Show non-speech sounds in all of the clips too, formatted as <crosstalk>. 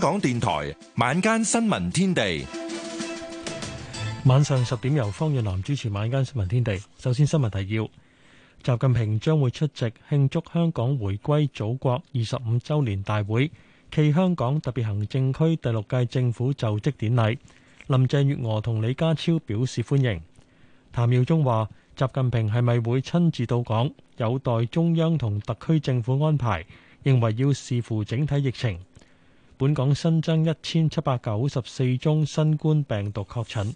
港電台晚間新聞天地，晚上十點由方遠南主持晚間新聞天地。首先新聞提要：習近平將會出席慶祝香港回歸祖國二十五周年大會暨香港特別行政區第六屆政府就職典禮。林鄭月娥同李家超表示歡迎。譚耀宗話：習近平係咪會親自到港，有待中央同特區政府安排，認為要視乎整體疫情。本港新增一千七百九十四宗新冠病毒確診。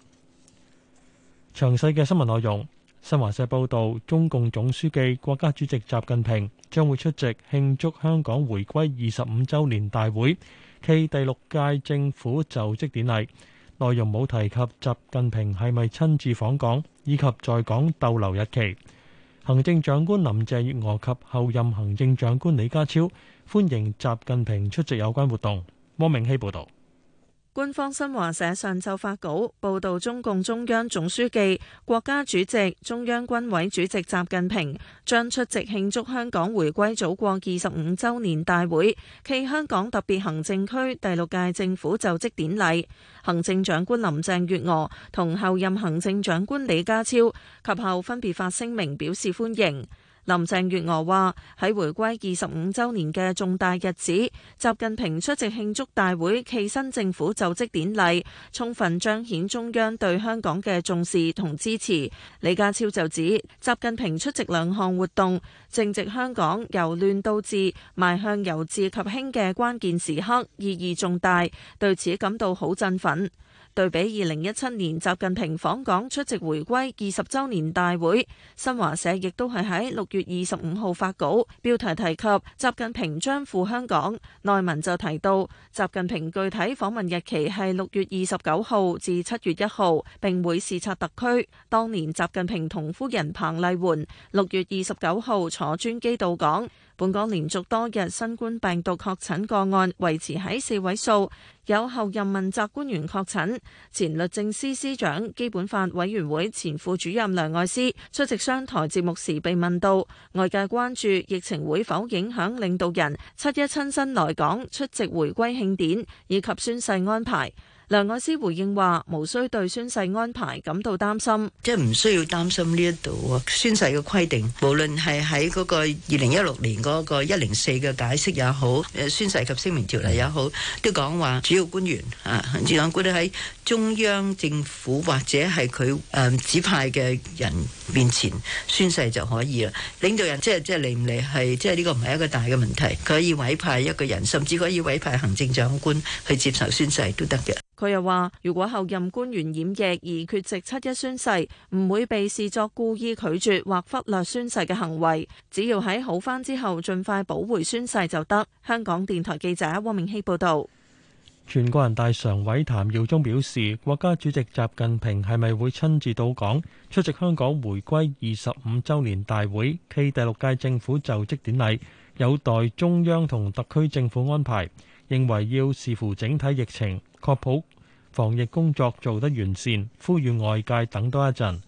詳細嘅新聞內容，新華社報道，中共總書記、國家主席習近平將會出席慶祝香港回歸二十五週年大會暨第六屆政府就職典禮。內容冇提及習近平係咪親自訪港以及在港逗留日期。行政長官林鄭月娥及候任行政長官李家超歡迎習近平出席有關活動。汪明希報道，官方新華社上晝發稿報道，中共中央總書記、國家主席、中央軍委主席習近平將出席慶祝香港回歸祖國二十五周年大會暨香港特別行政區第六屆政府就職典禮。行政長官林鄭月娥同候任行政長官李家超及後分別發聲明表示歡迎。林鄭月娥話：喺回歸二十五週年嘅重大日子，習近平出席慶祝大會暨新政府就職典禮，充分彰顯中央對香港嘅重視同支持。李家超就指，習近平出席兩項活動，正值香港由亂到治、邁向由治及興嘅關鍵時刻，意義重大，對此感到好振奮。對比二零一七年習近平訪港出席回歸二十週年大會，新華社亦都係喺六月二十五號發稿，標題提及習近平將赴香港。內文就提到，習近平具體訪問日期係六月二十九號至七月一號，並會視察特區。當年習近平同夫人彭麗媛六月二十九號坐專機到港。本港連續多日新冠病毒確診個案維持喺四位數，有後任問責官員確診。前律政司司長、基本法委員會前副主任梁愛詩出席商台節目時被問到，外界關注疫情會否影響領導人七一親身來港出席回歸慶典以及宣誓安排。梁愛詩回應話，無需對宣誓安排感到擔心，即係唔需要擔心呢一度宣誓嘅規定，無論係喺嗰個二零一六年嗰個一零四嘅解釋也好，宣誓及聲明條例也好，都講話主要官員啊、行政長官都喺中央政府或者係佢誒指派嘅人面前宣誓就可以啦。領導人即係即係嚟唔嚟係即係呢個唔係一個大嘅問題，佢可以委派一個人，甚至可以委派行政長官去接受宣誓都得嘅。佢又話，如果後任官員染疫而缺席七一宣誓，唔會被視作故意拒絕或忽略宣誓嘅行為。只要喺好返之後，盡快補回宣誓就得。香港電台記者汪明希報導。全國人大常委譚耀宗表示，國家主席習近平係咪會親自到港出席香港回歸二十五周年大會暨第六屆政府就職典禮，有待中央同特區政府安排，認為要視乎整體疫情。確保防疫工作做得完善，呼籲外界等多一陣。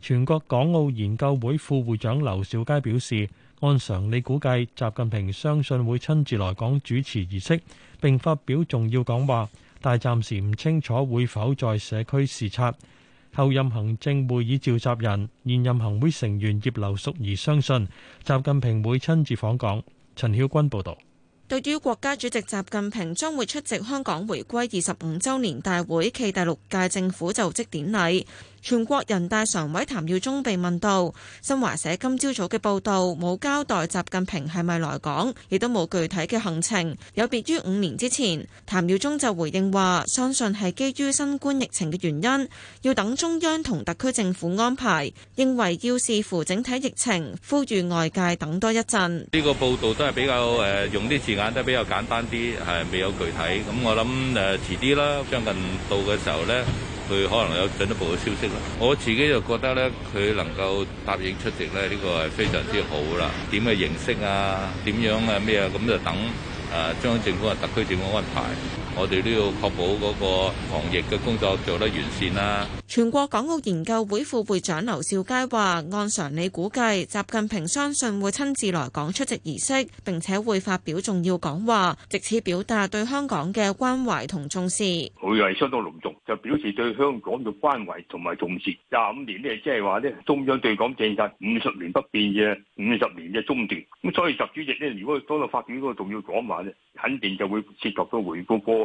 全國港澳研究會副會長劉兆佳表示，按常理估計，習近平相信會親自來港主持儀式並發表重要講話，但暫時唔清楚會否在社區視察。後任行政會議召集人、現任行會成員葉劉淑儀相信，習近平會親自訪港。陳曉君報導。對於國家主席習近平將會出席香港回歸二十五週年大會暨第六屆政府就職典禮。全國人大常委譚耀宗被問到，《新華社》今朝早嘅報道冇交代習近平係咪來港，亦都冇具體嘅行程，有別於五年之前。譚耀宗就回應話：相信係基於新冠疫情嘅原因，要等中央同特區政府安排，認為要視乎整體疫情，呼籲外界等多一陣。呢個報道都係比較誒、呃，用啲字眼都係比較簡單啲，係未有具體。咁我諗誒遲啲啦，將、呃、近到嘅時候呢。佢可能有進一步嘅消息啦。我自己就覺得咧，佢能夠答應出席咧，呢個係非常之好啦。點嘅形式啊，點樣啊，咩啊，咁就等誒，中央政府啊，特區政府安排。我哋都要確保嗰個防疫嘅工作做得完善啦。全國港澳研究會副會長劉兆佳話，按常理估計，習近平相信會親自來港出席儀式，並且會發表重要講話，藉此表達對香港嘅關懷同重視。佢係相當隆重，就表示對香港嘅關懷同埋重視。廿五年咧，即係話呢，中央對港政策五十年不變嘅，五十年嘅中斷。咁所以習主席呢，如果當日發表嗰個重要講話呢，肯定就會涉及到回覆波。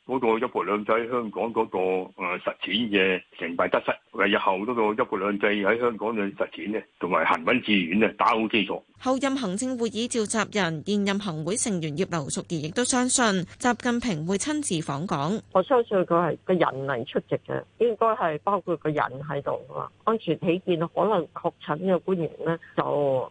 嗰個一國兩制香港嗰個誒實踐嘅成敗得失，日後嗰個一國兩制喺香港嘅實踐同埋行穩致遠咧，打好基礎。後任行政會議召集人、現任行會成員葉劉淑儀亦都相信習近平會親自訪港。相訪港我相信佢係個人嚟出席嘅，應該係包括個人喺度。安全起見，可能確診嘅官員呢就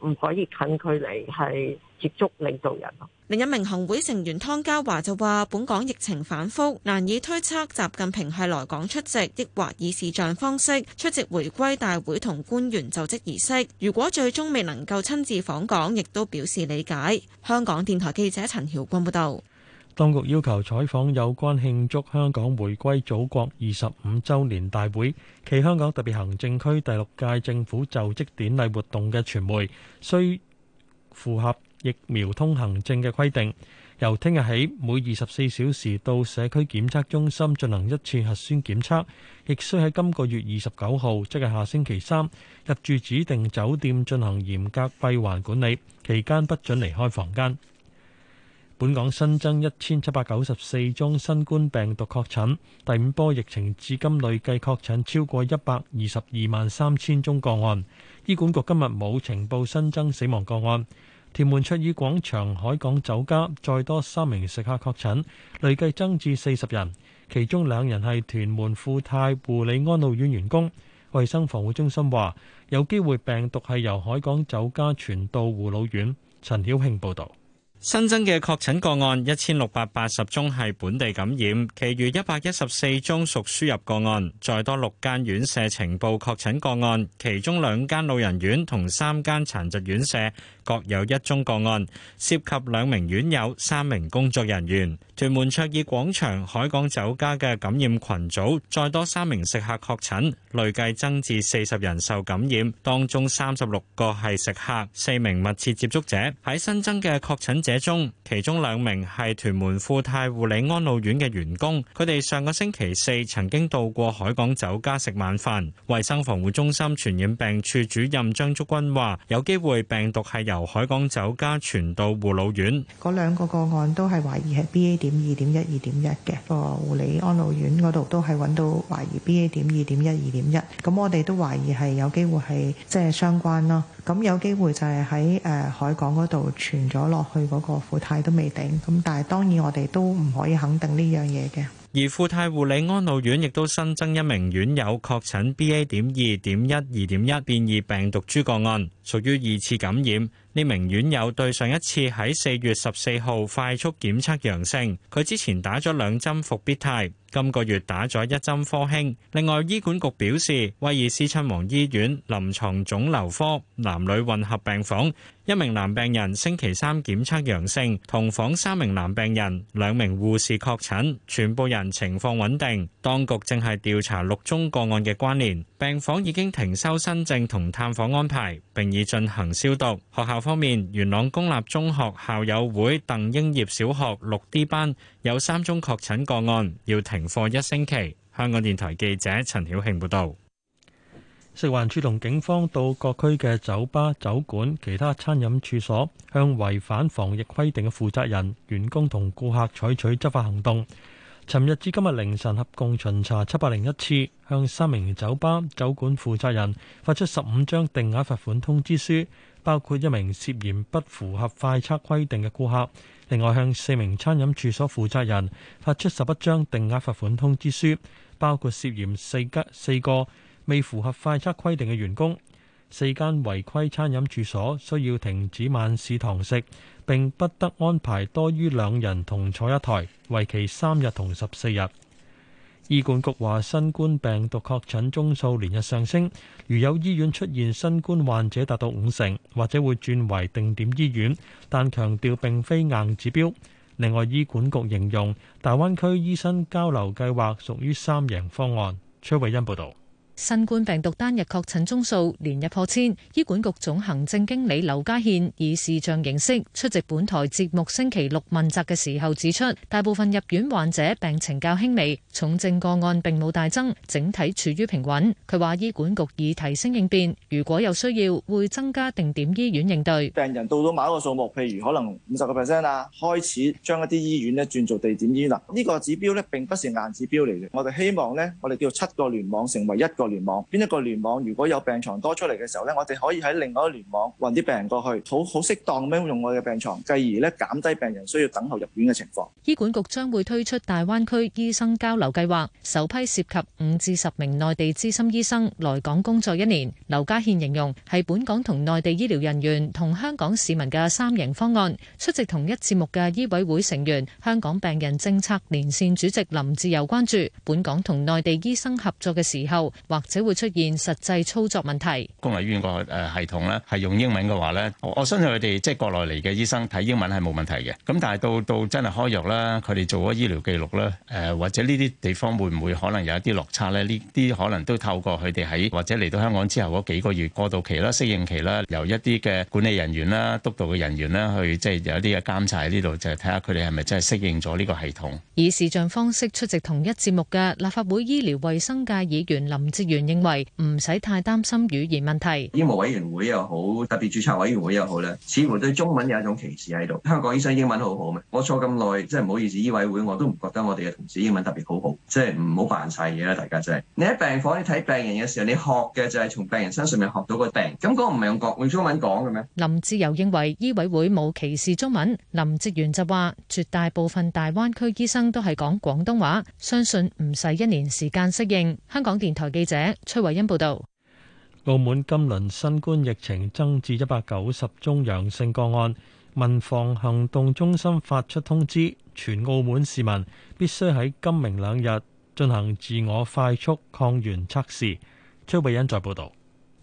唔可以近距離係接觸領導人。另一名行會成員湯家驊就話：本港疫情反覆。難以推測習近平係來港出席，抑或以視像方式出席回歸大會同官員就職儀式。如果最終未能夠親自訪港，亦都表示理解。香港電台記者陳曉君報道。當局要求採訪有關慶祝香港回歸祖國二十五周年大會暨香港特別行政區第六屆政府就職典禮活動嘅傳媒，需符合疫苗通行證嘅規定。由聽日起，每二十四小時到社區檢測中心進行一次核酸檢測，亦需喺今個月二十九號，即係下星期三，入住指定酒店進行嚴格閉環管理，期間不准離開房間。本港新增一千七百九十四宗新冠病毒確診，第五波疫情至今累計確診超過一百二十二萬三千宗個案。醫管局今日冇呈報新增死亡個案。屯門卓爾廣場海港酒家再多三名食客確診，累計增至四十人，其中兩人係屯門富泰護理安老院員工。衛生防護中心話，有機會病毒係由海港酒家傳到護老院。陳曉慶報導。新增嘅確診個案一千六百八十宗係本地感染，其餘一百一十四宗屬輸入個案。再多六間院舍呈報確診個案，其中兩間老人院同三間殘疾院舍各有一宗個案，涉及兩名院友、三名工作人員。屯門卓爾廣場海港酒家嘅感染群組再多三名食客確診，累計增至四十人受感染，當中三十六個係食客，四名密切接觸者喺新增嘅確診者。其中其中兩名係屯門富泰護理安老院嘅員工，佢哋上個星期四曾經到過海港酒家食晚飯。衞生防護中心傳染病處主任張竹君話：有機會病毒係由海港酒家傳到護老院。嗰兩個個案都係懷疑係 BA 點二點一二點一嘅，個護理安老院嗰度都係揾到懷疑 BA 點二點一二點一，咁我哋都懷疑係有機會係即係相關咯。咁有機會就係喺誒海港嗰度傳咗落去個個富泰都未定，咁但係當然我哋都唔可以肯定呢樣嘢嘅。而富泰護理安老院亦都新增一名院友確診 B A 點二點一二點一變異病毒株個案，屬於二次感染。呢名院友對上一次喺四月十四號快速檢測陽性，佢之前打咗兩針復必泰，今個月打咗一針科興。另外，醫管局表示，威爾斯親王醫院臨床腫瘤科男女混合病房一名男病人星期三檢測陽性，同房三名男病人、兩名護士確診，全部人情況穩定。當局正係調查六宗個案嘅關聯，病房已經停收新症同探訪安排，並已進行消毒。學校方面，元朗公立中學校友會鄧英業小學六 D 班有三宗確診個案，要停課一星期。香港電台記者陳曉慶報道。食環署同警方到各區嘅酒吧、酒館、其他餐飲處所，向違反防疫規定嘅負責人、員工同顧客採取執法行動。尋日至今日凌晨合共巡查七百零一次，向三名酒吧酒館負責人發出十五張定額罰款通知書，包括一名涉嫌不符合快測規定嘅顧客，另外向四名餐飲處所負責人發出十一張定額罰款通知書，包括涉嫌四個四個未符合快測規定嘅員工，四間違規餐飲處所需要停止晚市堂食並不得安排多於兩人同坐一台，為期三日同十四日。醫管局話，新冠病毒確診宗數連日上升，如有醫院出現新冠患者達到五成，或者會轉為定點醫院，但強調並非硬指標。另外，醫管局形容大灣區醫生交流計劃屬於三贏方案。崔慧欣報道。新冠病毒單日確診宗數連日破千。醫管局總行政經理劉家憲以視像形式出席本台節目《星期六問責》嘅時候指出，大部分入院患者病情較輕微，重症個案並冇大增，整體處於平穩。佢話醫管局已提升應變，如果有需要，會增加定點醫院應對。病人到咗某一個數目，譬如可能五十個 percent 聯網邊一個聯網，如果有病牀多出嚟嘅時候咧，我哋可以喺另外一個聯網運啲病人過去，好好適當咁樣用我嘅病牀，繼而咧減低病人需要等候入院嘅情況。醫管局將會推出大灣區醫生交流計劃，首批涉及五至十名內地資深醫生來港工作一年。劉家憲形容係本港同內地醫療人員同香港市民嘅三型方案三贏方案。出席同一節目嘅醫委會成員、香港病人政策連線主席林志友關注本港同內地醫生合作嘅時候，或者會出現實際操作問題。公立醫院個誒系統咧，係用英文嘅話咧，我相信佢哋即係國內嚟嘅醫生睇英文係冇問題嘅。咁但係到到真係開藥啦，佢哋做咗醫療記錄啦，誒、呃、或者呢啲地方會唔會可能有一啲落差咧？呢啲可能都透過佢哋喺或者嚟到香港之後嗰幾個月過渡期啦、適應期啦，由一啲嘅管理人員啦、督導嘅人員啦，去即係、就是、有一啲嘅監察喺呢度，就係睇下佢哋係咪真係適應咗呢個系統。以視像方式出席同一節目嘅立法會醫療衞生界議員林。議員認為唔使太擔心語言問題，醫務委員會又好，特別註冊委員會又好咧，似乎對中文有一種歧視喺度。香港醫生英文好好咩？我坐咁耐，真係唔好意思，醫委會我都唔覺得我哋嘅同事英文特別好好，即係唔好扮晒嘢啦，大家真係。你喺病房你睇病人嘅時候，你學嘅就係從病人身上面學到個病，咁嗰個唔係用國語中文講嘅咩？林哲玄認為醫委會冇歧視中文，林哲玄就話絕大部分大灣區醫生都係講廣東話，相信唔使一年時間適應。香港電台記者。者崔慧欣報道，澳門今輪新冠疫情增至一百九十宗陽性個案。民防行動中心發出通知，全澳門市民必須喺今明兩日進行自我快速抗原測試。崔慧欣再報道，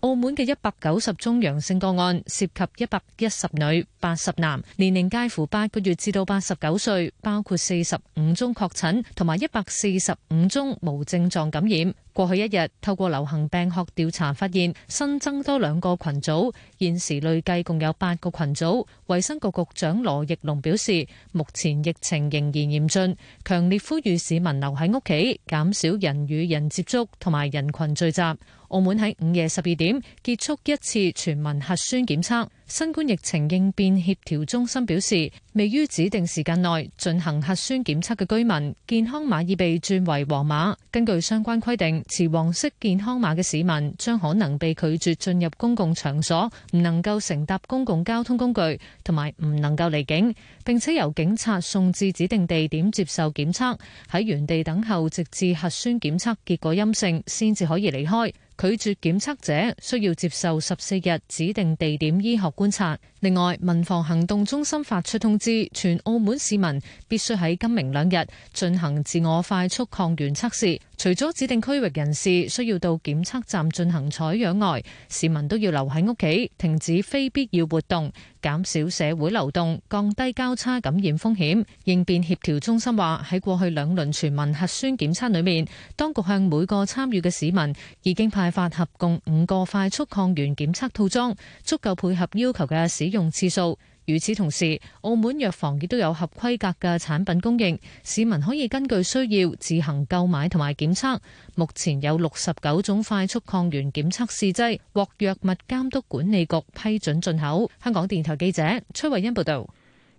澳門嘅一百九十宗陽性個案涉及一百一十女八十男，年齡介乎八個月至到八十九歲，包括四十五宗確診同埋一百四十五宗無症狀感染。過去一日，透過流行病學調查發現新增多兩個群組，現時累計共有八個群組。衛生局局長羅奕龍表示，目前疫情仍然嚴峻，強烈呼籲市民留喺屋企，減少人與人接觸同埋人群聚集。澳門喺午夜十二點結束一次全民核酸檢測。新冠疫情應變協調中心表示，未於指定時間內進行核酸檢測嘅居民，健康碼已被轉為黃碼。根據相關規定，持黃色健康碼嘅市民將可能被拒絕進入公共場所，唔能夠乘搭公共交通工具，同埋唔能夠離境。並且由警察送至指定地點接受檢測，喺原地等候直至核酸檢測結果陰性，先至可以離開。拒絕檢測者需要接受十四日指定地點醫學觀察。另外，民防行動中心發出通知，全澳門市民必須喺今明兩日進行自我快速抗原測試。除咗指定區域人士需要到檢測站進行採樣外，市民都要留喺屋企，停止非必要活動，減少社會流動，降低交叉感染風險。應變協調中心話，喺過去兩輪全民核酸檢測裏面，當局向每個參與嘅市民已經派發合共五個快速抗原檢測套裝，足夠配合要求嘅使用次數。與此同時，澳門藥房亦都有合規格嘅產品供應，市民可以根據需要自行購買同埋檢測。目前有六十九種快速抗原檢測試劑獲藥物監督管理局批准進口。香港電台記者崔慧欣報道。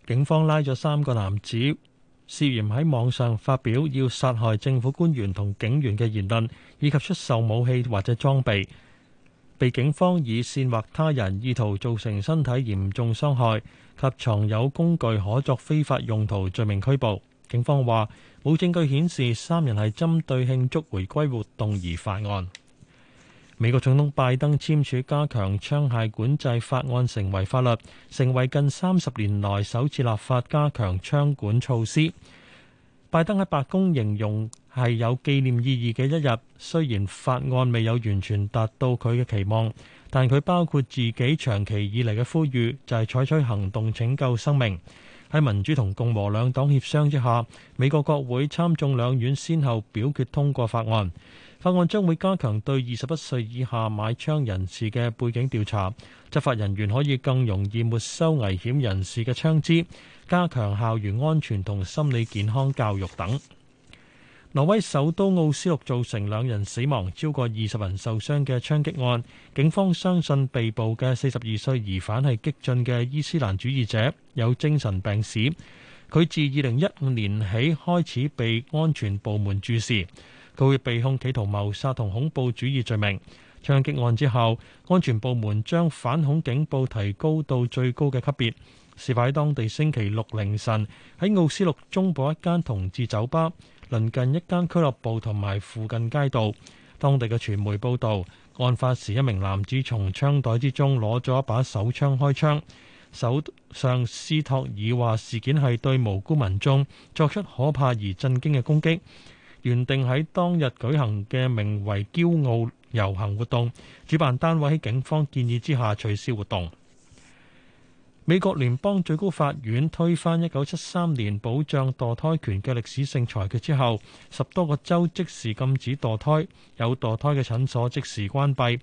警方拉咗三個男子涉嫌喺網上發表要殺害政府官員同警員嘅言論，以及出售武器或者裝備。被警方以煽惑他人、意圖造成身體嚴重傷害及藏有工具可作非法用途罪名拘捕。警方話冇證據顯示三人係針對慶祝回歸活動而犯案。美國總統拜登簽署加強槍械管制法案成為法律，成為近三十年來首次立法加強槍管措施。拜登喺白宮形容係有紀念意義嘅一日，雖然法案未有完全達到佢嘅期望，但佢包括自己長期以嚟嘅呼籲，就係採取行動拯救生命。喺民主同共和兩黨協商之下，美國國會參眾兩院先後表決通過法案。法案將會加強對二十一歲以下買槍人士嘅背景調查，執法人員可以更容易沒收危險人士嘅槍支，加強校園安全同心理健康教育等。挪威首都奧斯陸造成兩人死亡、超過二十人受傷嘅槍擊案，警方相信被捕嘅四十二歲疑犯係激進嘅伊斯蘭主義者，有精神病史。佢自二零一五年起開始被安全部門注視。告會被控企圖謀殺同恐怖主義罪名。槍擊案之後，安全部門將反恐警報提高到最高嘅級別。事發喺當地星期六凌晨，喺奧斯陸中部一間同志酒吧，鄰近一間俱樂部同埋附近街道。當地嘅傳媒報道，案發時一名男子從槍袋之中攞咗一把手槍開槍。首相斯托爾話：事件係對無辜民眾作出可怕而震驚嘅攻擊。原定喺當日舉行嘅名為「驕傲遊行」活動，主辦單位喺警方建議之下取消活動。美國聯邦最高法院推翻一九七三年保障墮胎權嘅歷史性裁決之後，十多個州即時禁止墮胎，有墮胎嘅診所即時關閉。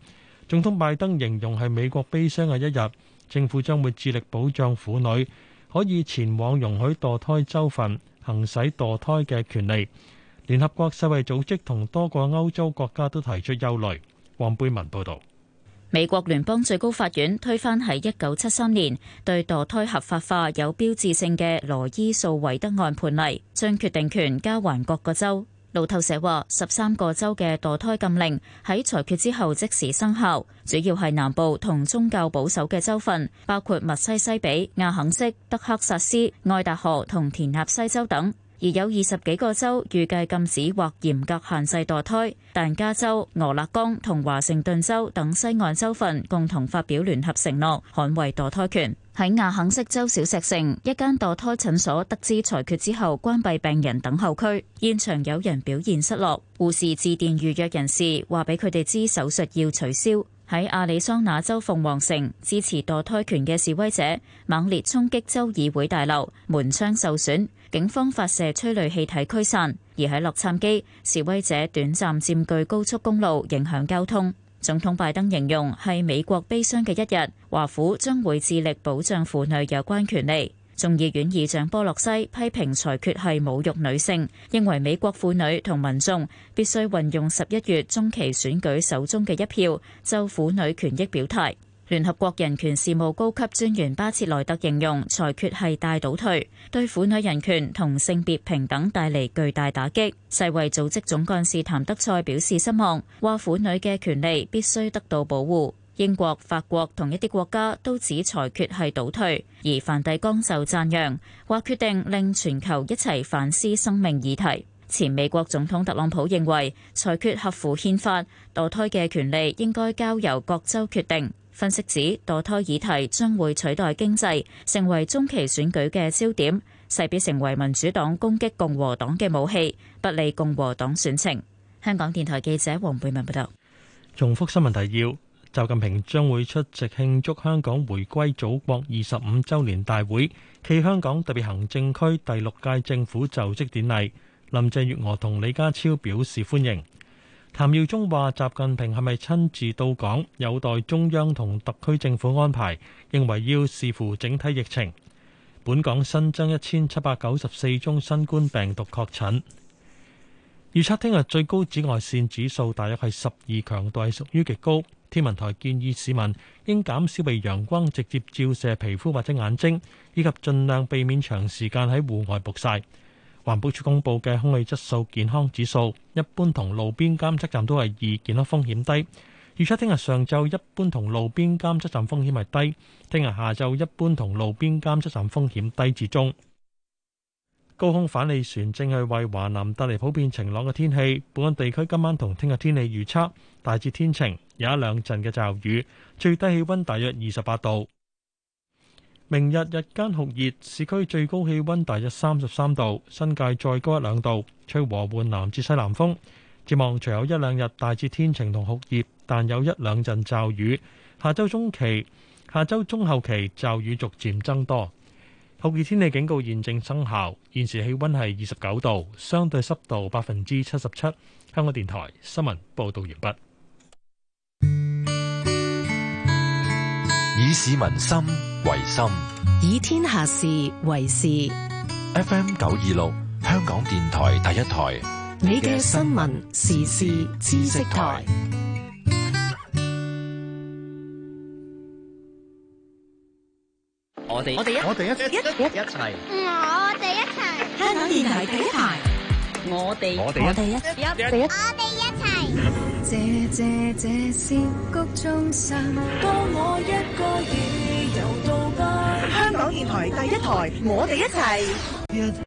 總統拜登形容係美國悲傷嘅一日，政府將會致力保障婦女可以前往容許墮胎州份，行使墮胎嘅權利。聯合國世衛組織同多個歐洲國家都提出憂慮。黃貝文報導，美國聯邦最高法院推翻喺一九七三年對墮胎合法化有標誌性嘅羅伊訴維德案判例，將決定權交還各個州。路透社話，十三個州嘅墮胎禁令喺裁決之後即時生效，主要係南部同宗教保守嘅州份，包括密西西比、亞肯色、德克薩斯、愛達荷同田納西州等。而有二十幾個州預計禁止或嚴格限制墮胎，但加州、俄勒岡同華盛頓州等西岸州份共同發表聯合承諾捍衛墮胎權。喺亞肯色州小石城一間墮胎診所得知裁決之後，關閉病人等候區，現場有人表現失落，護士致電預約人士，話俾佢哋知手術要取消。喺亞利桑那州鳳凰城，支持墮胎權嘅示威者猛烈衝擊州議會大樓，門窗受損，警方發射催淚氣體驅散。而喺洛杉磯，示威者短暫佔據高速公路，影響交通。總統拜登形容係美國悲傷嘅一日，華府將會致力保障婦女有關權利。眾議院議長波洛西批評裁決係侮辱女性，認為美國婦女同民眾必須運用十一月中期選舉手中嘅一票，就婦女權益表態。聯合國人權事務高級專員巴切萊特形容裁決係大倒退，對婦女人權同性別平等帶嚟巨大打擊。世衛組織總幹事譚德塞表示失望，話婦女嘅權利必須得到保護。英國、法國同一啲國家都指裁決係倒退，而梵蒂岡就讚揚話，決定令全球一齊反思生命議題。前美國總統特朗普認為裁決合乎憲法，墮胎嘅權利應該交由各州決定。分析指墮胎議題將會取代經濟成為中期選舉嘅焦點，勢必成為民主黨攻擊共和黨嘅武器，不利共和黨選情。香港電台記者黃貝文報道。重複新聞提要。習近平將會出席慶祝香港回歸祖國二十五週年大會暨香港特別行政區第六屆政府就職典禮。林鄭月娥同李家超表示歡迎。譚耀宗話：習近平係咪親自到港，有待中央同特區政府安排，認為要視乎整體疫情。本港新增一千七百九十四宗新冠病毒確診，預測聽日最高紫外線指數大約係十二，強度係屬於極高。天文台建議市民應減少被陽光直接照射皮膚或者眼睛，以及盡量避免長時間喺戶外曝曬。環保署公布嘅空氣質素健康指數，一般同路邊監測站都係二，健康風險低。預測聽日上晝一般同路邊監測站風險係低，聽日下晝一般同路邊監測站風險低至中。高空反氣旋正係為華南帶嚟普遍晴朗嘅天氣。本港地區今晚同聽日天氣預測大致天晴。有一兩陣嘅驟雨，最低氣温大約二十八度。明日日間酷熱，市區最高氣温大約三十三度，新界再高一兩度。吹和緩南至西南風。展望隨後有一兩日大致天晴同酷熱，但有一兩陣驟雨。下週中期、下週中後期驟雨逐漸增多。酷熱天氣警告現正生效。現時氣温係二十九度，相對濕度百分之七十七。香港電台新聞報導完畢。以市民心為心，以天下事為事。FM 九二六，香港電台第一台。你嘅新聞時事知識台。我哋我哋一我哋一一一齊。我哋一齊，香港電台第一台。我哋我哋一我哋一。香港電台第一台，一台我哋一齊。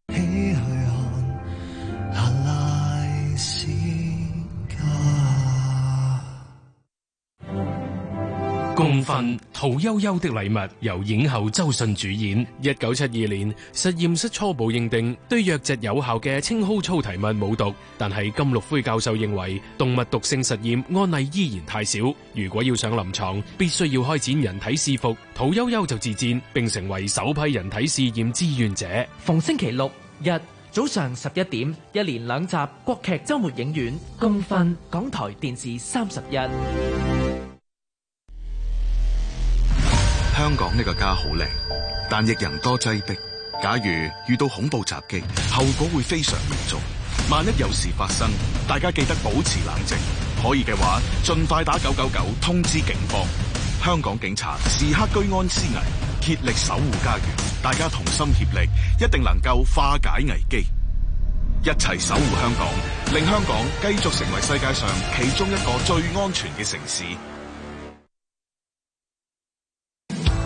功勳屠呦呦的禮物由影后周迅主演。一九七二年，實驗室初步認定對瘧疾有效嘅青蒿粗提物冇毒，但係金毓輝教授認為動物毒性實驗案例依然太少，如果要上臨床，必須要開展人體試服。屠呦呦就自薦，並成為首批人體試驗志願者。逢星期六日早上十一點，一連兩集國劇週末影院《功勳》功勳，港台電視三十一。香港呢個家好靚，但亦人多擠迫。假如遇到恐怖襲擊，後果會非常嚴重。萬一有事發生，大家記得保持冷靜，可以嘅話盡快打九九九通知警方。香港警察時刻居安思危，竭力守護家園。大家同心協力，一定能夠化解危機，一齊守護香港，令香港繼續成為世界上其中一個最安全嘅城市。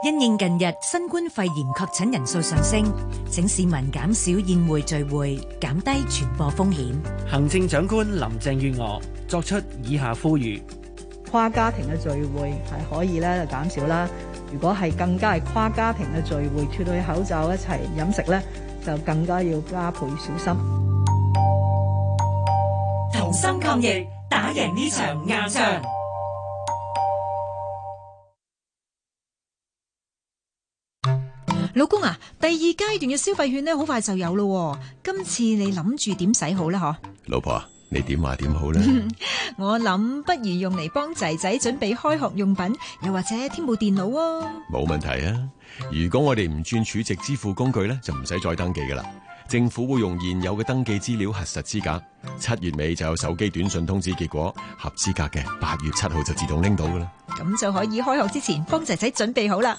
因應近日新冠肺炎確診人數上升，請市民減少宴會聚會，減低傳播風險。行政長官林鄭月娥作出以下呼籲：跨家庭嘅聚會係可以咧就減少啦，如果係更加係跨家庭嘅聚會，脫去口罩一齊飲食咧，就更加要加倍小心。同心抗疫，打贏呢場硬仗。老公啊，第二階段嘅消費券呢，好快就有咯喎。今次你諗住點使好呢？嗬，老婆，你點話點好呢？ <laughs> 我諗不如用嚟幫仔仔準備開學用品，又或者添部電腦哦。冇問題啊！如果我哋唔轉儲值支付工具呢，就唔使再登記噶啦。政府會用現有嘅登記資料核實資格，七月尾就有手機短信通知結果，合資格嘅八月七號就自動拎到噶啦。咁就可以開學之前幫仔仔準備好啦。